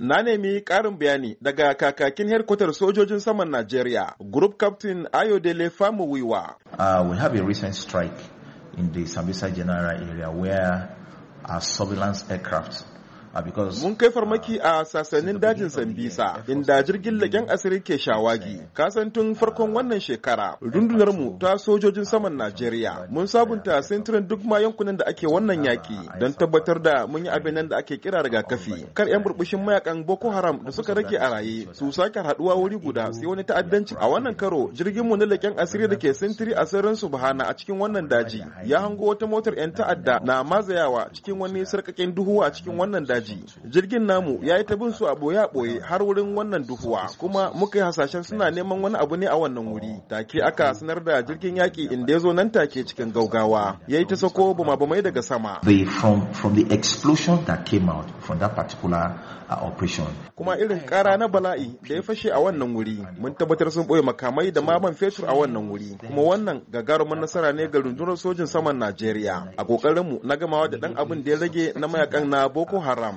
na nemi ƙarin bayani daga kakakin herkutar sojojin saman Najeriya, Group Captain Ayodele Famuwiwa. Uh, we have a recent strike in the Sambisa General area where our surveillance aircraft Ah, mun kai farmaki ah, a sasannin dajin sambisa inda jirgin lagen asiri ke shawagi kasan tun farkon wannan shekara rundunar mu ta sojojin ah, saman najeriya mun sabunta sintirin duk ma yankunan da ake wannan yaki don tabbatar da mun yi abin nan da ake kira kafi. kar yan burbushin mayakan boko haram da suka rage a raye su sake haduwa wuri guda sai wani ta'addanci a wannan karo jirgin mu na lagen asiri da ke sintiri a sirrin subhana a cikin wannan daji ya hango wata motar yan ta'adda na mazayawa cikin wani sarkakin duhu a cikin wannan daji daji jirgin namu ya yi ta bin su a boye a boye har wurin wannan duhuwa kuma muka yi hasashen suna neman wani abu ne a wannan wuri take aka sanar da jirgin yaki inda ya zo nan take cikin gaugawa ya yi ta sako bama bamai daga sama kuma irin kara na bala'i da ya fashe a wannan wuri mun tabbatar sun boye makamai da maban fetur a wannan wuri kuma wannan gagarumin nasara ne ga rundunar sojin saman najeriya a kokarinmu na gamawa da dan abin da ya rage na mayakan na boko haram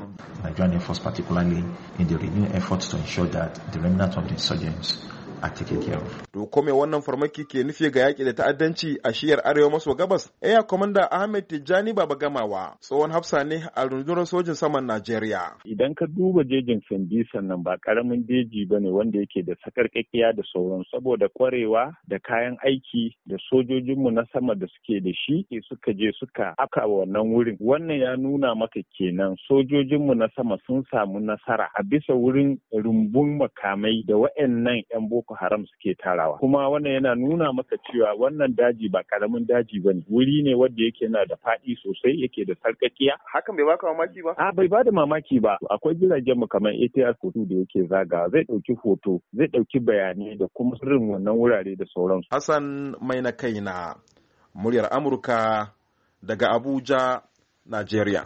Nigerian Air Force particularly in the renewed efforts to ensure that the remnants of the insurgents A cikin care To ko me wannan farmaki ke nufi ga yaki da ta'addanci a shiyar arewa maso gabas? Eya eh, Komanda Ahmed Tijjani Baba Gamawa tsohon hafsa ne a rundunar sojin saman Najeriya. Idan ka duba jejin Sandisa sannan ba karamin jeji ba ne wanda yake da sakarƙaƙiya da sauran saboda kwarewa da kayan aiki da sojojinmu na sama da suke da shi ke suka je suka aka wannan wurin. Wannan ya nuna maka kenan sojojinmu na sama sun samu nasara a bisa wurin rumbun makamai da wa'annan 'yan boko boko haram suke tarawa kuma wannan yana nuna maka cewa wannan daji ba karamin daji ba ne wuri ne wanda yake na da faɗi sosai yake da sarƙaƙiya hakan bai baka mamaki ba a bai bada mamaki ba akwai jiragen mu kamar ATR hoto da yake zaga zai ɗauki hoto zai ɗauki bayanai da kuma sirrin wannan wurare da sauransu Hassan mai na kai na muryar Amurka daga Abuja Najeriya